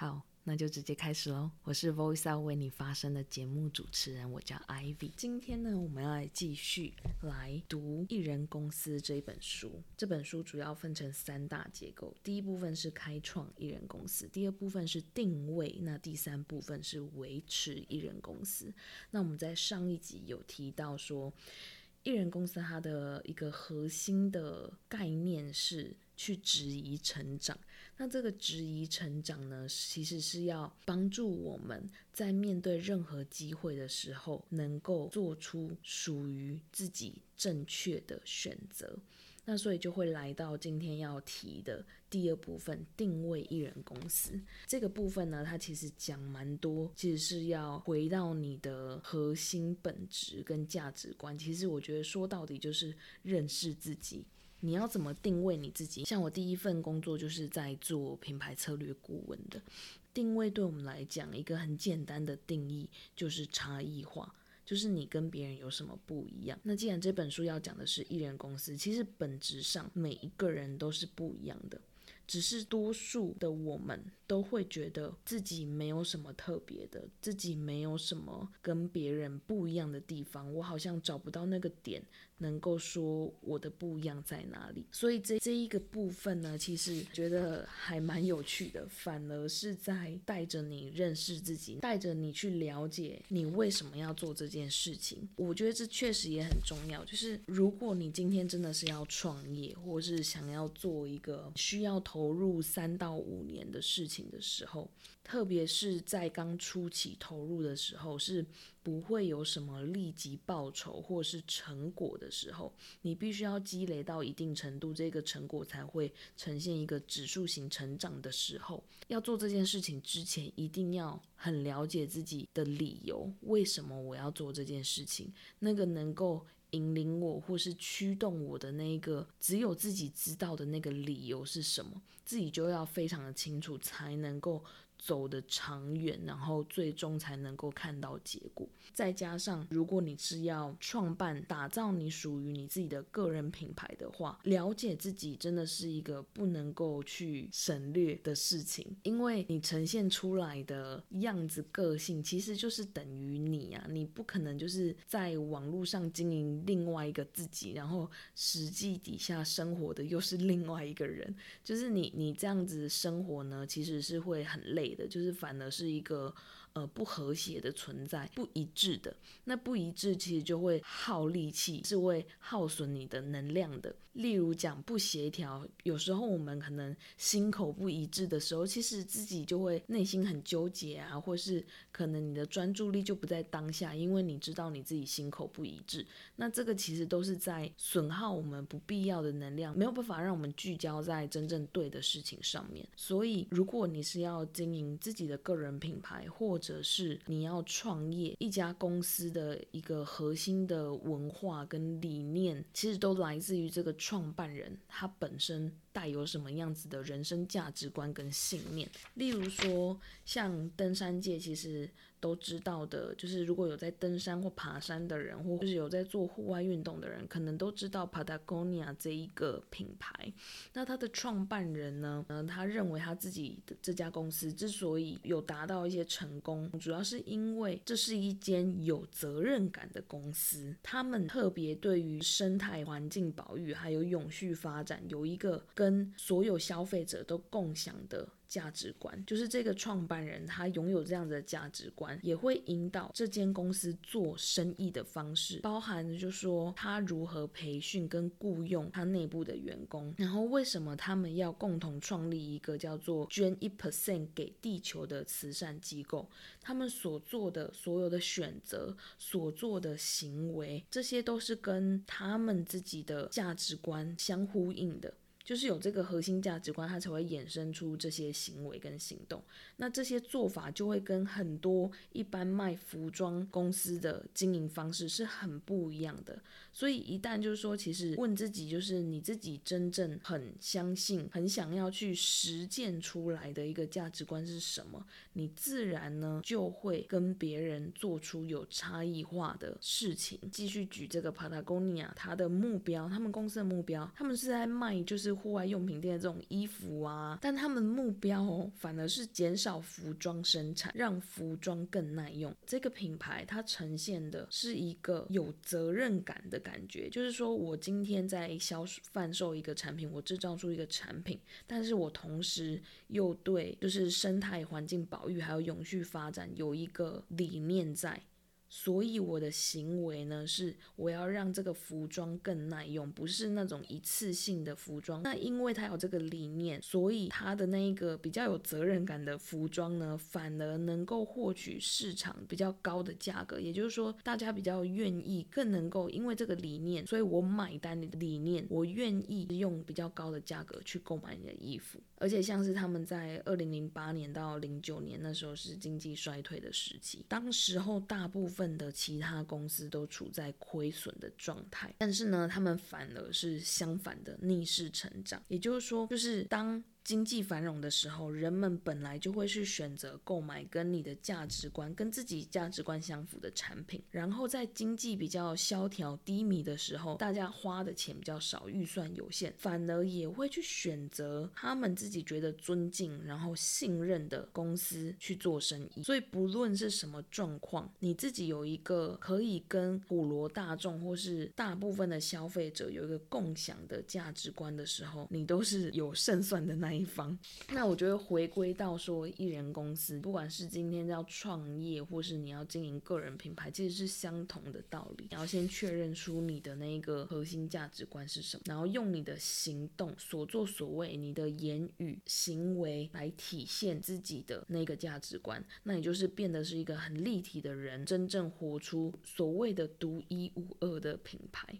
好，那就直接開始嘍。我是 Voice Out 為你發聲的節目主持人，我叫 Ivy。今天呢，我們要來繼續來讀《一人公司》這一本書。這本書主要分成三大結構：第一部分是開創一人公司，第二部分是定位，那第三部分是維持一人公司。那我們在上一集有提到說，一人公司它的一個核心的概念是去質疑成長，那這個質疑成長呢，其實是要幫助我們在面對任何機會的時候，能夠做出屬於自己正確的選擇。那所以就會來到今天要提的第二部分——定位一人公司。這個部分呢，它其實講蠻多，其實是要回到你的核心本質跟價值觀。其實我覺得說到底就是認識自己。你要怎麼定位你自己？像我第一份工作就是在做品牌策略顧問的定位，對我們來講，一個很簡單的定義就是差異化，就是你跟別人有什麼不一樣。那既然這本書要講的是一人公司，其實本質上每一個人都是不一樣的。只是多數的我們都會覺得自己沒有什麼特別的，自己沒有什麼跟別人不一樣的地方，我好像找不到那個點能夠說我的不一樣在哪裡。所以這這一個部分呢，其實覺得還蠻有趣的，反而是在帶着你認識自己，帶着你去了解你為什麼要做這件事情。我覺得這確實也很重要，就是如果你今天真的是要創業，或是想要做一個需要投投入三到五年的事情的時候，特別是在剛初期投入的時候，是不會有什麼立即報酬或是成果的時候，你必須要積累到一定程度，這個成果才會呈現一個指數型成長的時候。要做這件事情之前，一定要很了解自己的理由，為什麼我要做這件事情，那個能夠。引領我或是驅動我的那個，只有自己知道的那個理由是什麼？自己就要非常的清楚，才能夠走得長遠，然後最終才能夠看到結果。再加上，如果你是要創辦、打造你屬於你自己的個人品牌的話，了解自己真的是一個不能夠去省略的事情，因為你呈現出來的樣子、個性，其實就是等於你啊。你不可能就是在網絡上經營另外一個自己，然後實際底下生活的又是另外一個人，就是你。你這樣子生活呢，其實是會很累的，就是反而是一個。呃，不和諧的存在，不一致的。那不一致，其實就會耗力氣，是會耗損你的能量的。例如講不協調，有時候我們可能心口不一致的時候，其實自己就會內心很糾結啊，或是可能你的專注力就不在當下，因為你知道你自己心口不一致。那這個其實都是在損耗我們不必要的能量，沒有辦法讓我們聚焦在真正對的事情上面。所以，如果你是要經營自己的個人品牌或或者是你要創業一家公司的一個核心的文化跟理念，其實都來自於這個創辦人他本身，帶有什麼樣子的人生價值觀跟信念？例如說，像登山界其實都知道的，就是如果有在登山或爬山的人，或就是有在做戶外運動的人，可能都知道 Patagonia 這一個品牌。那他的創辦人呢？嗯，他認為他自己的這家公司之所以有達到一些成功，主要是因為這是一間有責任感的公司。他們特別對於生態環境保育還有永續發展有一個。跟所有消費者都共享的價值觀，就是這個創辦人他擁有這樣的價值觀，也會引導這間公司做生意的方式，包含就是說他如何培訓跟僱傭他內部的員工，然後為什麼他們要共同創立一個叫做捐一 percent 給地球的慈善機構，他們所做的所有的選擇、所做的行為，這些都是跟他們自己的價值觀相呼應的。就是有這個核心價值觀，它才會衍生出這些行為跟行動。那這些做法就會跟很多一般賣服裝公司的經營方式是很不一樣的。所以一旦就是說，其實問自己，就是你自己真正很相信、很想要去實踐出來的一個價值觀是什麼？你自然呢，就會跟別人做出有差異化的事情。繼續舉這個 Patagonia，他的目標，他們公司的目標，他們是在賣就是。戶外用品店的這種衣服啊，但他們目標反而是減少服裝生產，讓服裝更耐用。這個品牌它呈現的是一個有責任感的感覺，就是說我今天在銷售販售一個產品，我製造出一個產品，但是我同時又對就是生態環境保育還有永續發展有一個理念在。所以我的行為呢，是我要讓這個服裝更耐用，不是那種一次性的服裝。那因為它有這個理念，所以它的那一個比較有責任感的服裝呢，反而能夠獲取市場比較高的價格。也就是說，大家比較願意，更能夠因為這個理念，所以我買單的理念，我願意用比較高的價格去購買你的衣服。而且像是他們在二零零八年到零九年那時候是經濟衰退的時期，當時候大部分。份的其他公司都處在虧損的狀態，但是呢，他們反而是相反的逆勢成長，也就是說，就是當。經濟繁榮的時候，人們本來就會去選擇購買跟你的價值觀、跟自己價值觀相符的產品。然後在經濟比較蕭條、低迷的時候，大家花的錢比較少，預算有限，反而也會去選擇他們自己覺得尊敬、然後信任的公司去做生意。所以不論是什麼狀況，你自己有一個可以跟普羅大眾或是大部分的消費者有一個共享的價值觀的時候，你都是有勝算的那一。一方，那我覺得回歸到說，一人公司不管是今天要創業，或是你要經營個人品牌，其實是相同的道理。你要先確認出你的那個核心價值觀是什麼，然後用你的行動、所作所為、你的言語行為來體現自己的那個價值觀，那你就是變得是一個很立體的人，真正活出所謂的獨一無二的品牌。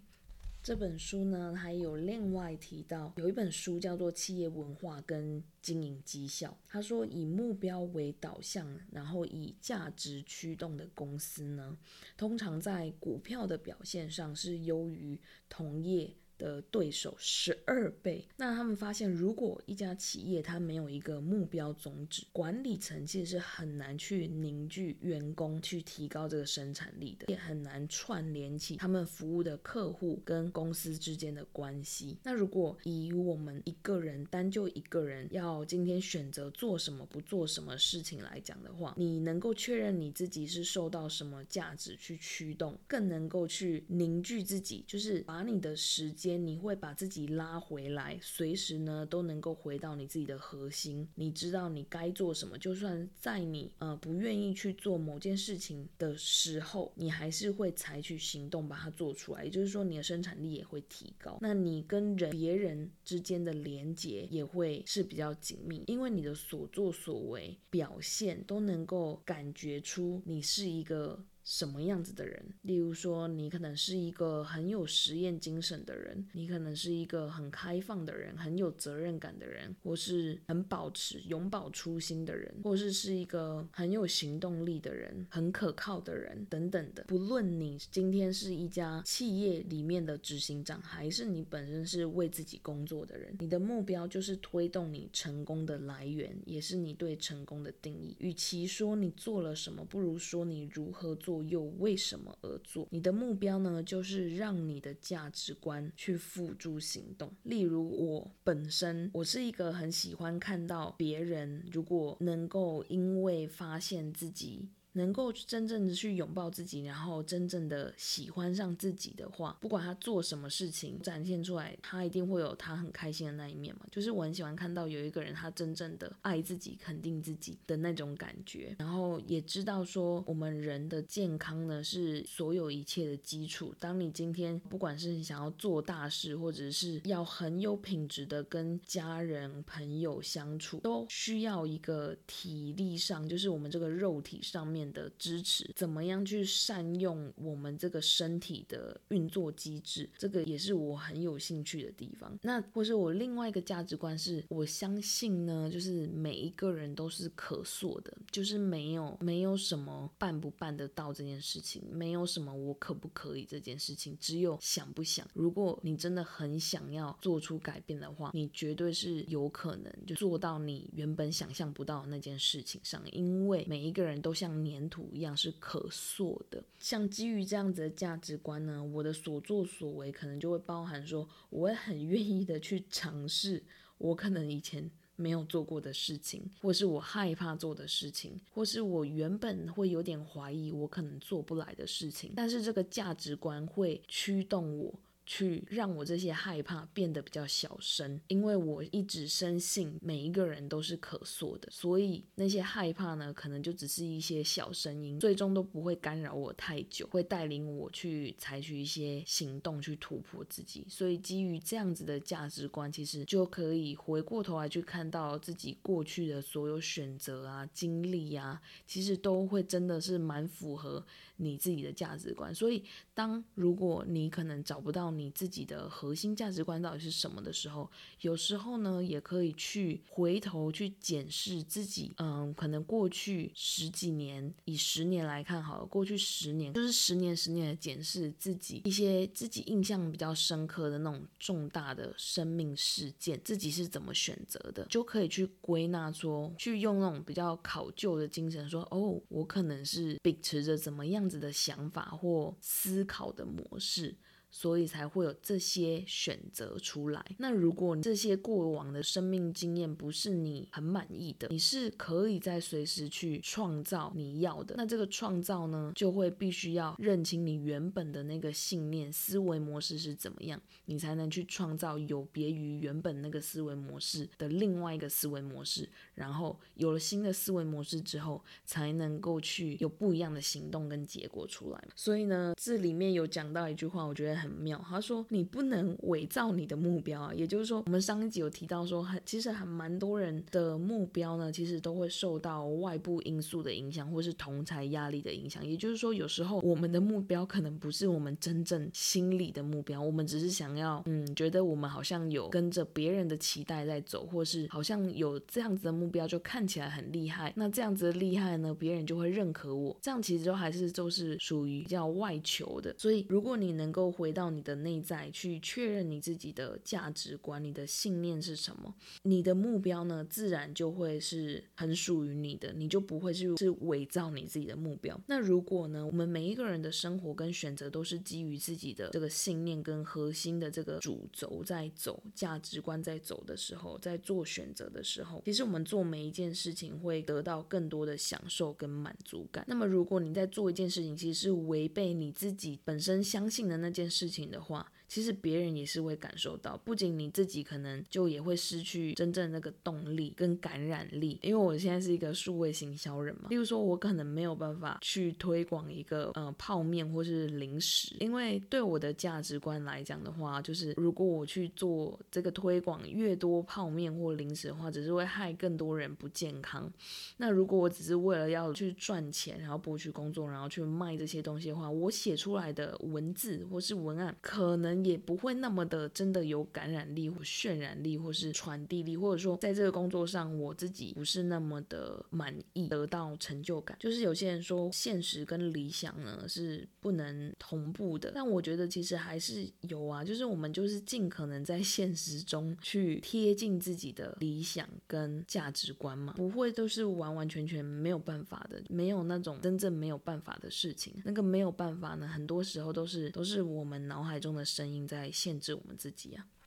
這本書呢，還有另外提到有一本書叫做《企業文化跟經營績效》。他說，以目標為導向，然後以價值驅動的公司呢，通常在股票的表現上是優於同業。的對手十二倍。那他們發現，如果一家企業它沒有一個目標宗旨，管理層其實是很難去凝聚員工，去提高這個生產力的，也很難串聯起他們服務的客戶跟公司之間的關係。那如果以我們一個人單就一個人要今天選擇做什麼不做什麼事情來講的話，你能夠確認你自己是受到什麼價值去驅動，更能夠去凝聚自己，就是把你的時間。你會把自己拉回來，隨時呢都能夠回到你自己的核心。你知道你該做什麼，就算在你呃不願意去做某件事情的時候，你還是會採取行動把它做出來。也就是說，你的生產力也會提高。那你跟人、別人之間的連接也會是比較緊密，因為你的所作所為表現都能夠感覺出你是一個什麼樣子的人？例如說，你可能是一個很有實驗精神的人，你可能是一個很開放的人，很有責任感的人，或是很保持永葆初心的人，或是是一個很有行動力的人，很可靠的人等等的。不論你今天是一家企業裡面的執行長，還是你本身是為自己工作的人，你的目標就是推動你成功的來源，也是你對成功的定義。與其說你做了什麼，不如說你如何做。又為什麼而做？你的目標呢？就是讓你的價值觀去付諸行動。例如，我本身，我是一個很喜歡看到別人如果能夠因為發現自己。能夠真正的去擁抱自己，然後真正的喜歡上自己的話，不管他做什麼事情，展現出來，他一定會有他很開心的那一面嘛。就是我很喜歡看到有一個人，他真正的愛自己、肯定自己的那種感覺，然後也知道說我們人的健康呢是所有一切的基礎。當你今天不管是你想要做大事，或者是要很有品質的跟家人朋友相處，都需要一個體力上，就是我們這個肉體上面。的支持，怎麼樣去善用我們這個身體的運作機制？這個也是我很有興趣的地方。那或者是我另外一個價值觀是，是我相信呢，就是每一個人都是可塑的，就是沒有沒有什麼辦不辦得到這件事情，沒有什麼我可不可以這件事情，只有想不想。如果你真的很想要做出改變的話，你絕對是有可能就做到你原本想象不到的那件事情上，因為每一個人都像你黏土一樣是可塑的。像基於這樣子的價值觀呢，我的所作所為可能就會包含說，我會很願意的去嘗試我可能以前沒有做過的事情，或是我害怕做的事情，或是我原本會有點懷疑我可能做不來的事情。但是這個價值觀會驅動我。去讓我這些害怕變得比較小聲，因為我一直深信每一個人都是可塑的，所以那些害怕呢，可能就只是一些小聲音，最終都不會干擾我太久，會帶領我去採取一些行動去突破自己。所以基於這樣子的價值觀，其實就可以回過頭來去看到自己過去的所有選擇啊、經歷啊，其實都會真的是蠻符合你自己的價值觀。所以當如果你可能找不到，你自己的核心價值觀到底是什麼的時候，有時候呢，也可以去回頭去檢視自己，嗯，可能過去十幾年，以十年來看好了，過去十年就是十年十年的檢視自己一些自己印象比較深刻的那種重大的生命事件，自己是怎麼選擇的，就可以去歸納說，去用那種比較考究的精神說，哦，我可能是秉持着怎麼樣子的想法或思考的模式。所以才會有這些選擇出來。那如果這些過往的生命經驗不是你很滿意的，你是可以在隨時去創造你要的。那這個創造呢，就會必須要認清你原本的那個信念思維模式是怎麼樣，你才能去創造有別於原本那個思維模式的另外一個思維模式。然後有了新的思維模式之後，才能夠去有不一樣的行動跟結果出來。所以呢，這裡面有講到一句話，我覺得很。很妙，他說你不能偽造你的目標啊，也就是說，我們上一集有提到說很，很其實還蠻多人的目標呢，其實都會受到外部因素的影響，或是同儕壓力的影響。也就是說，有時候我們的目標可能不是我們真正心裡的目標，我們只是想要，嗯，覺得我們好像有跟着別人的期待在走，或是好像有這樣子的目標就看起來很厲害。那這樣子的厲害呢，別人就會認可我，這樣其實都還是就是屬於比較外求的。所以，如果你能夠回。回到你的內在去確認你自己的價值觀，你的信念是什麼？你的目標呢？自然就會是很屬於你的，你就不會是是偽造你自己的目標。那如果呢？我們每一個人的生活跟選擇都是基於自己的這個信念跟核心的這個主軸在走，價值觀在走的時候，在做選擇的時候，其實我們做每一件事情會得到更多的享受跟滿足感。那麼如果你在做一件事情，其實是違背你自己本身相信的那件事情。事情的話。其實別人也是會感受到，不僅你自己可能就也會失去真正那個動力跟感染力。因為我現在是一個數位行銷人嘛，例如說，我可能沒有辦法去推廣一個呃泡麵或是零食，因為對我的價值觀來講的話，就是如果我去做這個推廣越多泡麵或零食的話，只是會害更多人不健康。那如果我只是為了要去賺錢，然後剝去工作，然後去賣這些東西的話，我寫出來的文字或是文案可能。也不會那麼的真的有感染力或渲染力，或是傳遞力，或者說在這個工作上我自己不是那麼的滿意，得到成就感。就是有些人說現實跟理想呢是不能同步的，但我覺得其實還是有啊，就是我們就是盡可能在現實中去貼近自己的理想跟價值觀嘛，不會都是完完全全沒有辦法的，沒有那種真正沒有辦法的事情。那個沒有辦法呢，很多時候都是都是我們腦海中的聲音，在限制我們自己呀、啊。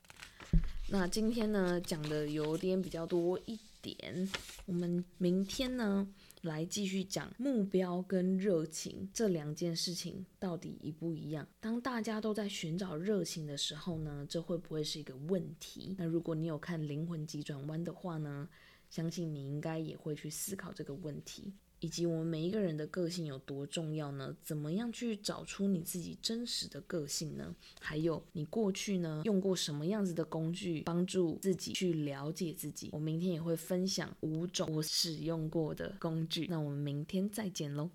那今天呢講的有點比較多一點，我們明天呢來繼續講目標跟熱情這兩件事情到底一不一樣。當大家都在尋找熱情的時候呢，這會不會是一個問題？那如果你有看《靈魂急轉彎》的話呢，相信你應該也會去思考這個問題。以及我們每一個人的個性有多重要呢？怎麼樣去找出你自己真實的個性呢？還有你過去呢，用過什麼樣子的工具幫助自己去了解自己？我明天也會分享五種我使用過的工具。那我們明天再見嘍。